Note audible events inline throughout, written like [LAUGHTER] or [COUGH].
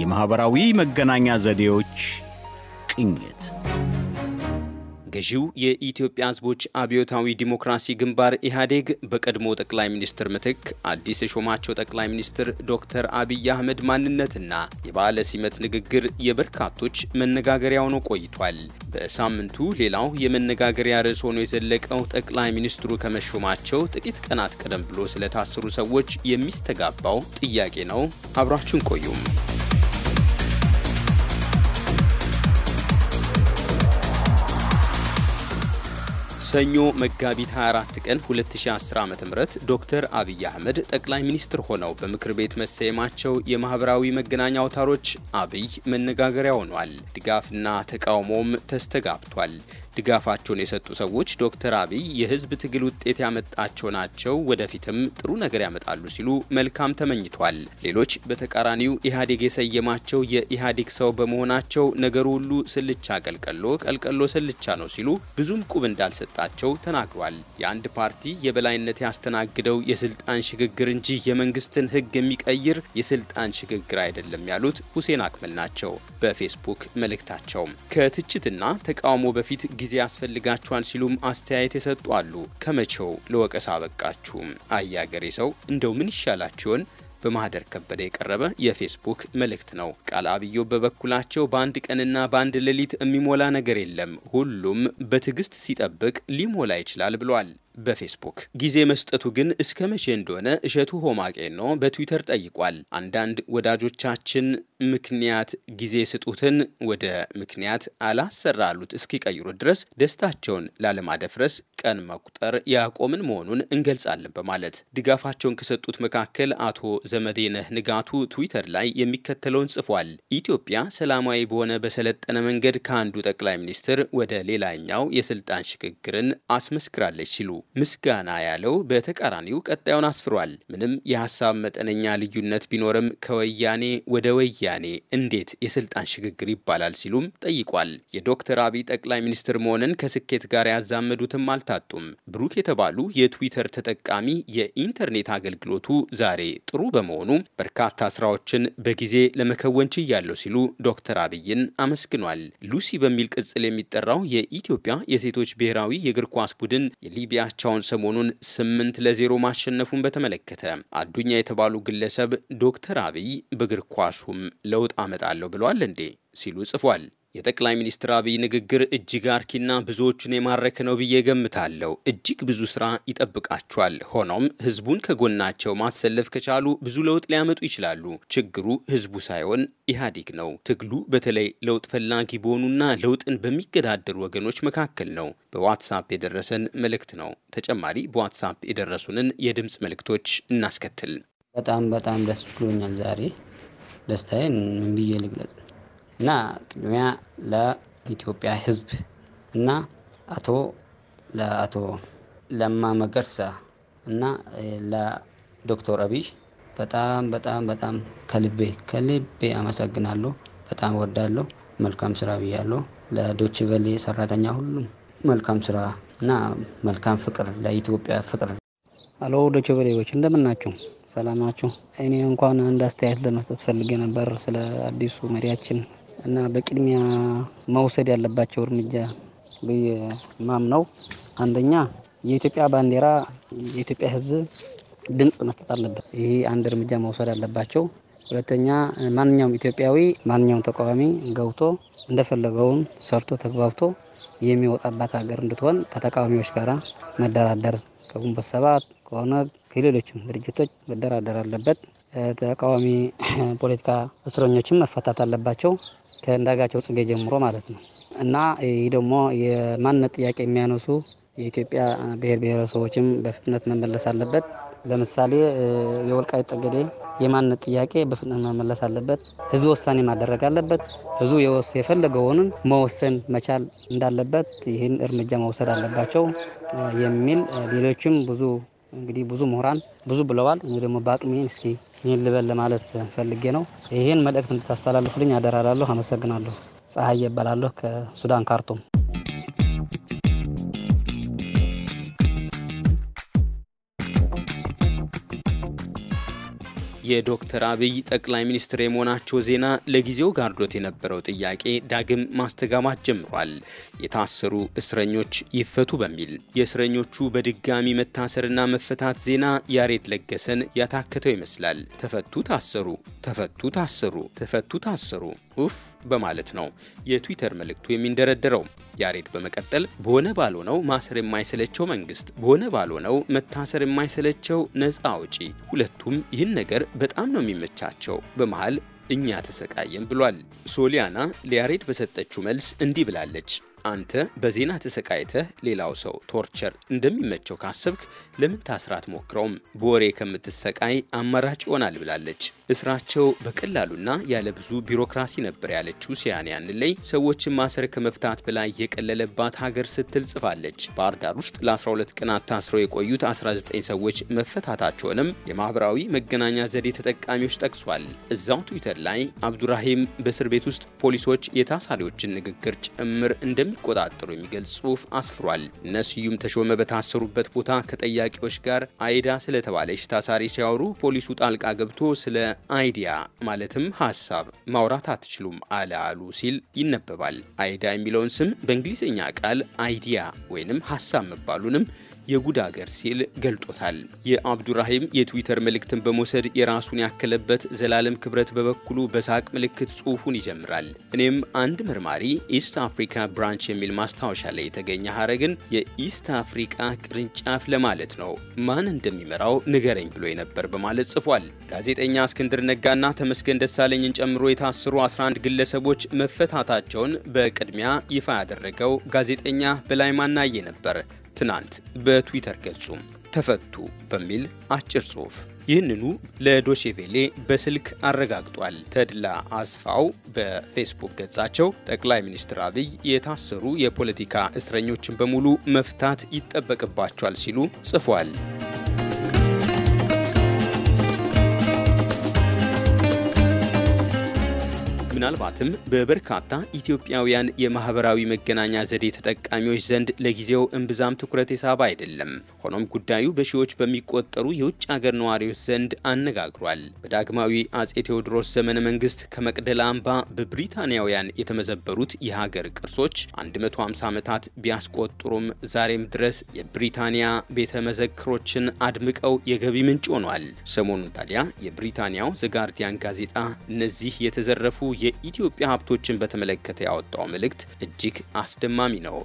የማኅበራዊ መገናኛ ዘዴዎች ቅኝት ገዢው የኢትዮጵያ ሕዝቦች አብዮታዊ ዲሞክራሲ ግንባር ኢህአዴግ በቀድሞ ጠቅላይ ሚኒስትር ምትክ አዲስ የሾማቸው ጠቅላይ ሚኒስትር ዶክተር አብይ አህመድ ማንነትና የበዓለ ሲመት ንግግር የበርካቶች መነጋገሪያ ሆኖ ቆይቷል። በሳምንቱ ሌላው የመነጋገሪያ ርዕስ ሆኖ የዘለቀው ጠቅላይ ሚኒስትሩ ከመሾማቸው ጥቂት ቀናት ቀደም ብሎ ስለታሰሩ ሰዎች የሚስተጋባው ጥያቄ ነው። አብራችሁን ቆዩም ሰኞ መጋቢት 24 ቀን 2010 ዓ.ም ዶክተር አብይ አህመድ ጠቅላይ ሚኒስትር ሆነው በምክር ቤት መሰየማቸው የማህበራዊ መገናኛ አውታሮች አብይ መነጋገሪያ ሆኗል። ድጋፍና ተቃውሞም ተስተጋብቷል። ድጋፋቸውን የሰጡ ሰዎች ዶክተር አብይ የህዝብ ትግል ውጤት ያመጣቸው ናቸው፣ ወደፊትም ጥሩ ነገር ያመጣሉ ሲሉ መልካም ተመኝቷል። ሌሎች በተቃራኒው ኢህአዴግ የሰየማቸው የኢህአዴግ ሰው በመሆናቸው ነገሩ ሁሉ ስልቻ ቀልቀሎ ቀልቀሎ ስልቻ ነው ሲሉ ብዙም ቁብ እንዳልሰጣቸው ተናግሯል። የአንድ ፓርቲ የበላይነት ያስተናግደው የስልጣን ሽግግር እንጂ የመንግስትን ህግ የሚቀይር የስልጣን ሽግግር አይደለም ያሉት ሁሴን አክመል ናቸው። በፌስቡክ መልእክታቸውም ከትችትና ተቃውሞ በፊት ጊዜ ያስፈልጋችኋል ሲሉም አስተያየት የሰጡ አሉ። ከመቼው ለወቀሳ በቃችሁም? አይ አገሬ ሰው እንደው ምን ይሻላችሁን? በማህደር ከበደ የቀረበ የፌስቡክ መልእክት ነው። ቃል አብዮ በበኩላቸው በአንድ ቀንና በአንድ ሌሊት የሚሞላ ነገር የለም፣ ሁሉም በትዕግስት ሲጠብቅ ሊሞላ ይችላል ብሏል። በፌስቡክ ጊዜ መስጠቱ ግን እስከ መቼ እንደሆነ እሸቱ ሆማቄኖ በትዊተር ጠይቋል። አንዳንድ ወዳጆቻችን ምክንያት ጊዜ ስጡትን ወደ ምክንያት አላሰራሉት እስኪቀይሩት ድረስ ደስታቸውን ላለማደፍረስ ቀን መቁጠር ያቆምን መሆኑን እንገልጻለን በማለት ድጋፋቸውን ከሰጡት መካከል አቶ ዘመዴነህ ንጋቱ ትዊተር ላይ የሚከተለውን ጽፏል። ኢትዮጵያ ሰላማዊ በሆነ በሰለጠነ መንገድ ከአንዱ ጠቅላይ ሚኒስትር ወደ ሌላኛው የስልጣን ሽግግርን አስመስክራለች ሲሉ ምስጋና ያለው በተቃራኒው ቀጣዩን አስፍሯል። ምንም የሀሳብ መጠነኛ ልዩነት ቢኖርም ከወያኔ ወደ ወያኔ እንዴት የስልጣን ሽግግር ይባላል ሲሉም ጠይቋል። የዶክተር አብይ ጠቅላይ ሚኒስትር መሆንን ከስኬት ጋር ያዛመዱትም አልታጡም። ብሩክ የተባሉ የትዊተር ተጠቃሚ የኢንተርኔት አገልግሎቱ ዛሬ ጥሩ በመሆኑ በርካታ ስራዎችን በጊዜ ለመከወን ችያለሁ ሲሉ ዶክተር አብይን አመስግኗል። ሉሲ በሚል ቅጽል የሚጠራው የኢትዮጵያ የሴቶች ብሔራዊ የእግር ኳስ ቡድን የሊቢያ ጨዋታውን ሰሞኑን ስምንት ለዜሮ ማሸነፉን በተመለከተ አዱኛ የተባሉ ግለሰብ ዶክተር አብይ በእግር ኳሱም ለውጥ አመጣለሁ ብለዋል እንዴ ሲሉ ጽፏል። የጠቅላይ ሚኒስትር አብይ ንግግር እጅግ አርኪና ብዙዎቹን የማረከ ነው ብዬ ገምታለሁ። እጅግ ብዙ ስራ ይጠብቃቸዋል። ሆኖም ህዝቡን ከጎናቸው ማሰለፍ ከቻሉ ብዙ ለውጥ ሊያመጡ ይችላሉ። ችግሩ ህዝቡ ሳይሆን ኢህአዴግ ነው። ትግሉ በተለይ ለውጥ ፈላጊ በሆኑና ለውጥን በሚገዳደሩ ወገኖች መካከል ነው። በዋትሳፕ የደረሰን መልእክት ነው። ተጨማሪ በዋትሳፕ የደረሱንን የድምፅ መልእክቶች እናስከትል። በጣም በጣም ደስ ብሎኛል። ዛሬ ደስታዬን ምን ብዬ ልግለጽ? እና ቅድሚያ ለኢትዮጵያ ህዝብ እና አቶ ለአቶ ለማ መገርሳ እና ለዶክተር አብይ በጣም በጣም በጣም ከልቤ ከልቤ አመሰግናለሁ። በጣም ወዳለሁ። መልካም ስራ ብያለሁ። ለዶች በሌ ሰራተኛ ሁሉም መልካም ስራ እና መልካም ፍቅር ለኢትዮጵያ ፍቅር። አሎ ዶች በሌዎች እንደምን ናችሁ? ሰላም ናችሁ? እኔ እንኳን አንድ አስተያየት ለመስጠት ፈልጌ ነበር ስለ አዲሱ መሪያችን እና በቅድሚያ መውሰድ ያለባቸው እርምጃ ብዬ ማምነው አንደኛ የኢትዮጵያ ባንዲራ የኢትዮጵያ ሕዝብ ድምፅ መስጠት አለበት። ይሄ አንድ እርምጃ መውሰድ አለባቸው። ሁለተኛ ማንኛውም ኢትዮጵያዊ ማንኛውም ተቃዋሚ ገብቶ እንደፈለገውን ሰርቶ ተግባብቶ የሚወጣባት ሀገር እንድትሆን ከተቃዋሚዎች ጋር መደራደር ከግንቦት ሰባት ከሆነ ከሌሎችም ድርጅቶች መደራደር አለበት። ተቃዋሚ [CLEARS THROAT] ፖለቲካ እስረኞችም መፈታት አለባቸው ከእንዳርጋቸው ጽጌ ጀምሮ ማለት ነው እና ይህ ደግሞ የማንነት ጥያቄ የሚያነሱ የኢትዮጵያ ብሔር ብሔረሰቦችም በፍጥነት መመለስ አለበት። ለምሳሌ የወልቃይት ጠገዴ የማንነት ጥያቄ በፍጥነት መመለስ አለበት። ህዝብ ውሳኔ ማደረግ አለበት። ብዙ የፈለገውን መወሰን መቻል እንዳለበት ይህን እርምጃ መውሰድ አለባቸው የሚል ሌሎችም ብዙ እንግዲህ ብዙ ምሁራን ብዙ ብለዋል። እኔ ደግሞ በአቅሜን እስኪ ይህን ልበል ለማለት ፈልጌ ነው። ይህን መልእክት እንድታስተላልፉልኝ አደራላለሁ። አመሰግናለሁ። ፀሐይ እባላለሁ ከሱዳን ካርቱም የዶክተር አብይ ጠቅላይ ሚኒስትር የመሆናቸው ዜና ለጊዜው ጋርዶት የነበረው ጥያቄ ዳግም ማስተጋባት ጀምሯል። የታሰሩ እስረኞች ይፈቱ በሚል የእስረኞቹ በድጋሚ መታሰርና መፈታት ዜና ያሬድ ለገሰን ያታክተው ይመስላል። ተፈቱ፣ ታሰሩ፣ ተፈቱ፣ ታሰሩ፣ ተፈቱ፣ ታሰሩ ኡፍ በማለት ነው የትዊተር መልእክቱ የሚንደረደረው። ያሬድ በመቀጠል በሆነ ባልሆነው ማሰር የማይሰለቸው መንግስት፣ በሆነ ባልሆነው መታሰር የማይሰለቸው ነፃ አውጪ፣ ሁለቱም ይህን ነገር በጣም ነው የሚመቻቸው። በመሃል እኛ ተሰቃየም ብሏል። ሶሊያና ለያሬድ በሰጠችው መልስ እንዲህ ብላለች። አንተ በዜና ተሰቃይተህ ሌላው ሰው ቶርቸር እንደሚመቸው ካሰብክ ለምን ታስራት ሞክረውም በወሬ ከምትሰቃይ አማራጭ ይሆናል ብላለች። እስራቸው በቀላሉና ያለ ብዙ ቢሮክራሲ ነበር ያለችው ሲያን ያንለይ ሰዎችን ማሰር ከመፍታት በላይ የቀለለባት ሀገር ስትል ጽፋለች። ባህር ዳር ውስጥ ለ12 ቀናት ታስረው የቆዩት 19 ሰዎች መፈታታቸውንም የማህበራዊ መገናኛ ዘዴ ተጠቃሚዎች ጠቅሷል። እዛው ትዊተር ላይ አብዱራሂም በእስር ቤት ውስጥ ፖሊሶች የታሳሪዎችን ንግግር ጭምር እንደሚ እንደሚቆጣጠሩ የሚገልጽ ጽሁፍ አስፍሯል። እነ ስዩም ተሾመ በታሰሩበት ቦታ ከጠያቂዎች ጋር አይዳ ስለተባለች ታሳሪ ሲያወሩ ፖሊሱ ጣልቃ ገብቶ ስለ አይዲያ ማለትም ሀሳብ ማውራት አትችሉም አለ አሉ ሲል ይነበባል። አይዳ የሚለውን ስም በእንግሊዝኛ ቃል አይዲያ ወይንም ሀሳብ መባሉንም የጉድ አገር ሲል ገልጦታል። የአብዱራሂም የትዊተር መልእክትን በመውሰድ የራሱን ያከለበት ዘላለም ክብረት በበኩሉ በሳቅ ምልክት ጽሑፉን ይጀምራል። እኔም አንድ መርማሪ ኢስት አፍሪካ ብራንች የሚል ማስታወሻ ላይ የተገኘ ሀረግን የኢስት አፍሪቃ ቅርንጫፍ ለማለት ነው፣ ማን እንደሚመራው ንገረኝ ብሎ ነበር በማለት ጽፏል። ጋዜጠኛ እስክንድር ነጋና ተመስገን ደሳለኝን ጨምሮ የታሰሩ 11 ግለሰቦች መፈታታቸውን በቅድሚያ ይፋ ያደረገው ጋዜጠኛ በላይ ማናየ ነበር። ትናንት በትዊተር ገጹ ተፈቱ በሚል አጭር ጽሑፍ ይህንኑ ለዶቼቬሌ በስልክ አረጋግጧል። ተድላ አስፋው በፌስቡክ ገጻቸው ጠቅላይ ሚኒስትር አብይ የታሰሩ የፖለቲካ እስረኞችን በሙሉ መፍታት ይጠበቅባቸዋል ሲሉ ጽፏል። ምናልባትም በበርካታ ኢትዮጵያውያን የማህበራዊ መገናኛ ዘዴ ተጠቃሚዎች ዘንድ ለጊዜው እምብዛም ትኩረት የሳበ አይደለም። ሆኖም ጉዳዩ በሺዎች በሚቆጠሩ የውጭ አገር ነዋሪዎች ዘንድ አነጋግሯል። በዳግማዊ አጼ ቴዎድሮስ ዘመነ መንግስት ከመቅደላ አምባ በብሪታንያውያን የተመዘበሩት የሀገር ቅርሶች 150 ዓመታት ቢያስቆጥሩም ዛሬም ድረስ የብሪታንያ ቤተ መዘክሮችን አድምቀው የገቢ ምንጭ ሆኗል። ሰሞኑን ታዲያ የብሪታንያው ዘጋርዲያን ጋዜጣ እነዚህ የተዘረፉ የኢትዮጵያ ሀብቶችን በተመለከተ ያወጣው መልእክት እጅግ አስደማሚ ነው።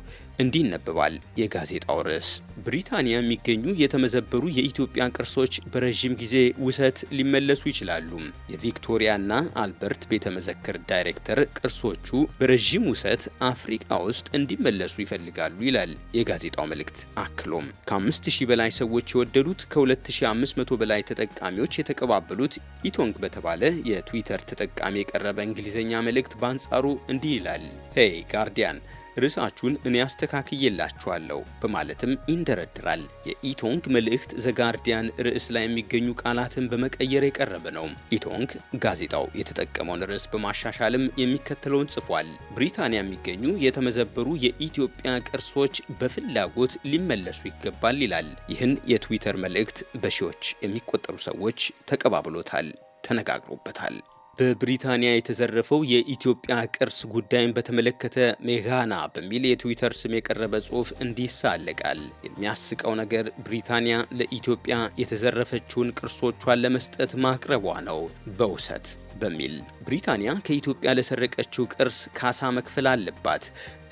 እንዲህ ይነበባል የጋዜጣው ርዕስ። ብሪታንያ የሚገኙ የተመዘበሩ የኢትዮጵያ ቅርሶች በረዥም ጊዜ ውሰት ሊመለሱ ይችላሉ። የቪክቶሪያና አልበርት ቤተ መዘክር ዳይሬክተር ቅርሶቹ በረዥም ውሰት አፍሪካ ውስጥ እንዲመለሱ ይፈልጋሉ ይላል የጋዜጣው መልእክት። አክሎም ከ5000 በላይ ሰዎች የወደዱት ከ2500 በላይ ተጠቃሚዎች የተቀባበሉት ኢቶንግ በተባለ የትዊተር ተጠቃሚ የቀረበ እንግሊዝኛ መልእክት በአንጻሩ እንዲህ ይላል ሄይ ጋርዲያን ርዕሳችሁን እኔ አስተካክዬላችኋለሁ በማለትም ይንደረድራል። የኢቶንግ መልእክት ዘጋርዲያን ርዕስ ላይ የሚገኙ ቃላትን በመቀየር የቀረበ ነው። ኢቶንግ ጋዜጣው የተጠቀመውን ርዕስ በማሻሻልም የሚከተለውን ጽፏል። ብሪታንያ የሚገኙ የተመዘበሩ የኢትዮጵያ ቅርሶች በፍላጎት ሊመለሱ ይገባል ይላል። ይህን የትዊተር መልእክት በሺዎች የሚቆጠሩ ሰዎች ተቀባብሎታል፣ ተነጋግሮበታል። በብሪታንያ የተዘረፈው የኢትዮጵያ ቅርስ ጉዳይን በተመለከተ ሜጋና በሚል የትዊተር ስም የቀረበ ጽሑፍ እንዲሳለቃል። የሚያስቀው ነገር ብሪታንያ ለኢትዮጵያ የተዘረፈችውን ቅርሶቿን ለመስጠት ማቅረቧ ነው በውሰት በሚል ብሪታንያ ከኢትዮጵያ ለሰረቀችው ቅርስ ካሳ መክፈል አለባት።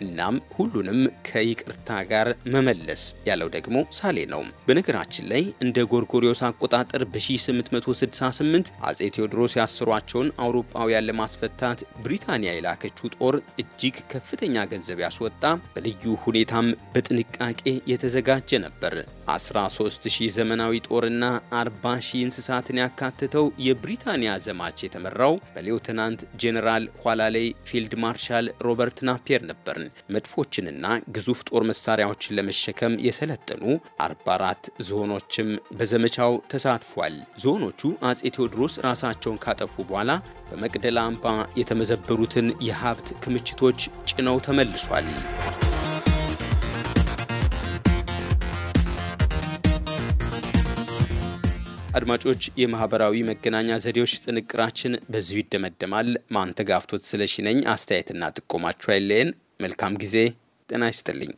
እናም ሁሉንም ከይቅርታ ጋር መመለስ ያለው ደግሞ ሳሌ ነው። በነገራችን ላይ እንደ ጎርጎሪዮስ አቆጣጠር በ1868 አጼ ቴዎድሮስ ያስሯቸውን አውሮፓውያን ለማስፈታት ብሪታንያ የላከችው ጦር እጅግ ከፍተኛ ገንዘብ ያስወጣ በልዩ ሁኔታም በጥንቃቄ የተዘጋጀ ነበር። 13000 ዘመናዊ ጦርና 40000 እንስሳትን ያካተተው የብሪታንያ ዘማች የተመራው በሌውተናንት ጄኔራል ኋላ ላይ ፊልድ ማርሻል ሮበርት ናፔር ነበር። መድፎችንና ግዙፍ ጦር መሳሪያዎችን ለመሸከም የሰለጠኑ 44 ዞኖችም በዘመቻው ተሳትፏል። ዞኖቹ አጼ ቴዎድሮስ ራሳቸውን ካጠፉ በኋላ በመቅደላ አምባ የተመዘበሩትን የሀብት ክምችቶች ጭነው ተመልሷል። አድማጮች፣ የማህበራዊ መገናኛ ዘዴዎች ጥንቅራችን በዚሁ ይደመደማል። ማንተጋፍቶት ስለሺ ነኝ። አስተያየትና ጥቆማችሁ አይለየን። መልካም ጊዜ። ጤና ይስጥልኝ።